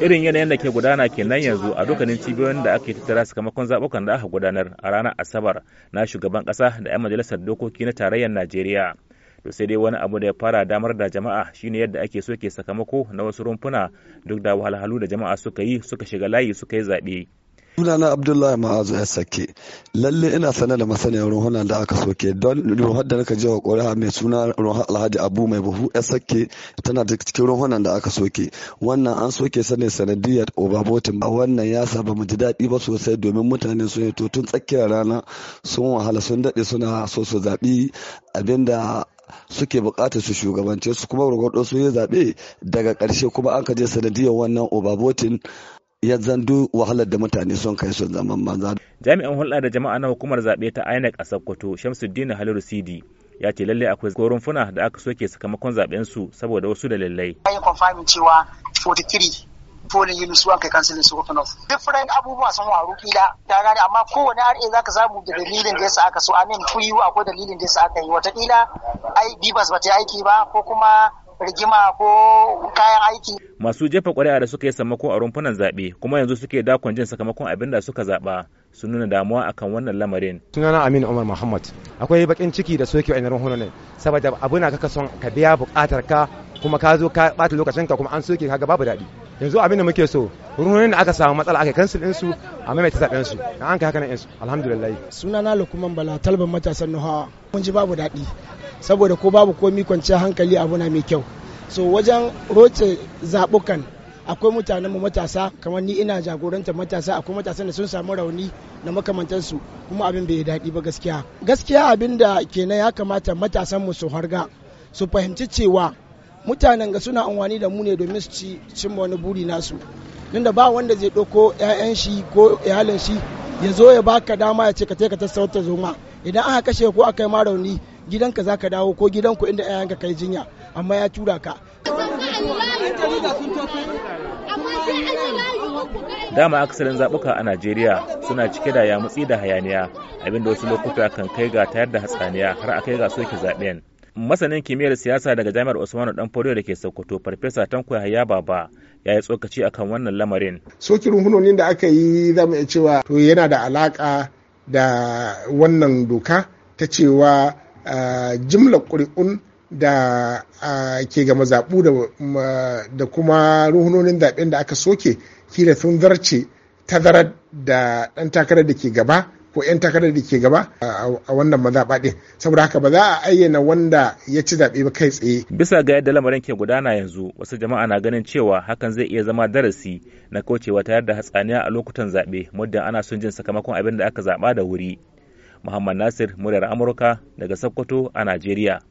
irin yanayin da ke gudana kenan yanzu a dukkanin cibiyoyin da ake tattara sakamakon zaɓukan da aka gudanar a ranar asabar na shugaban ƙasa da 'yan majalisar dokoki na tarayyar najeriya to sai dai wani abu da ya fara damar da jama'a shine yadda ake so ke sakamako na wasu rumfuna duk da wahalhalu da jama'a suka yi suka shiga layi suka yi zaɓe sunana abdullahi ma'azu ya sake lalle ina sane da masaniyar ruhunan da aka soke don ruhar da naka jawa ƙuri'a mai suna ruhar alhaji abu mai buhu ya sake tana da cikin ruhunan da aka soke wannan an soke sane sanadiyar obabotin ba wannan ya sa ba mu ji daɗi ba sosai domin mutane sun yi tun tsakiyar rana sun wahala sun daɗe suna so su zaɓi abinda suke bukatar su shugabance su kuma gwargwado su yi zaɓe daga ƙarshe kuma an ka je sanadiyar wannan obabotin ya zandu wahalar da mutane sun kai sun zaman maza. Jami'an hulɗa da jama'a na hukumar zaɓe ta INEC a Sokoto Shamsuddin Halilu Sidi ya ce lallai akwai rumfuna da aka soke sakamakon zaɓen su saboda wasu dalilai. ya yi confirming cewa 43 polling units su an kai kansilin su open off. Different abubuwa sun waru kila ta gani amma kowane RA za ka samu da dalilin da ya sa aka so amin kuyi akwai dalilin da ya sa aka yi wataƙila ai bibas ba ta aiki ba ko kuma rigima ko kayan aiki. Masu jefa ƙuri'a da suka yi sammako a rumfunan zaɓe kuma yanzu suke dakon jin sakamakon abin da suka zaɓa sun nuna damuwa akan wannan lamarin. Sunana Aminu Umar Muhammad akwai bakin ciki da soke wa'in rumfunan saboda abu na kaka son ka biya buƙatar ka kuma ka zo ka ɓata lokacin ka kuma an soke ka babu daɗi. Yanzu abin da muke so rumfunan da aka samu matsala aka kansil ɗinsu a maimaita zaɓensu an kai haka na ɗinsu alhamdulillah. Sunana Lukman Bala Talban matasan Nuhawa mun ji babu daɗi saboda ko babu komi kwanciyar hankali abu na mai kyau so wajen roce zaɓukan akwai mutanenmu matasa kamar ni ina jagorantar matasa akwai matasan da sun samu rauni na makamantansu kuma abin bai daɗi ba gaskiya gaskiya abin da kenan ya kamata mu su harga su fahimci cewa mutanen ga suna amfani da mu ne domin su ci cimma wani buri nasu don da ba wanda zai ɗauko 'ya'yan shi ko iyalin shi ya zo ya baka dama ya ce ka ta ta zoma idan aka kashe ko aka yi ma rauni gidanka za ka dawo ko gidan ku inda 'ya'yanka kai jinya amma ya tura ka dama akasarin zabuka a najeriya suna cike da yamutsi da hayaniya abinda wasu lokuta kan kai ga tayar da hatsaniya har a kai ga soke zaben masanin kimiyyar siyasa daga jami'ar usmanu dan foriyo da ke sokoto farfesa tanko yahaya baba ya yi tsokaci akan wannan lamarin sokin hunonin da aka yi zama iya cewa to yana da alaka da wannan doka ta cewa jimla ƙuri'un da ke ga mazaɓu da kuma ruhunonin zaɓen da aka soke kila sun zarce tazarar da ɗan takarar da ke gaba ko 'yan takarar da ke gaba a wannan mazaɓa ɗin saboda haka ba za a ayyana wanda ya ci zaɓe ba kai tsaye. bisa ga yadda lamarin ke gudana yanzu wasu jama'a na ganin cewa hakan zai iya zama darasi na kaucewa tayar da hatsaniya a lokutan zaɓe muddin ana son jin sakamakon abin da aka zaɓa da wuri muhammad nasir muryar amurka daga sokoto a najeriya.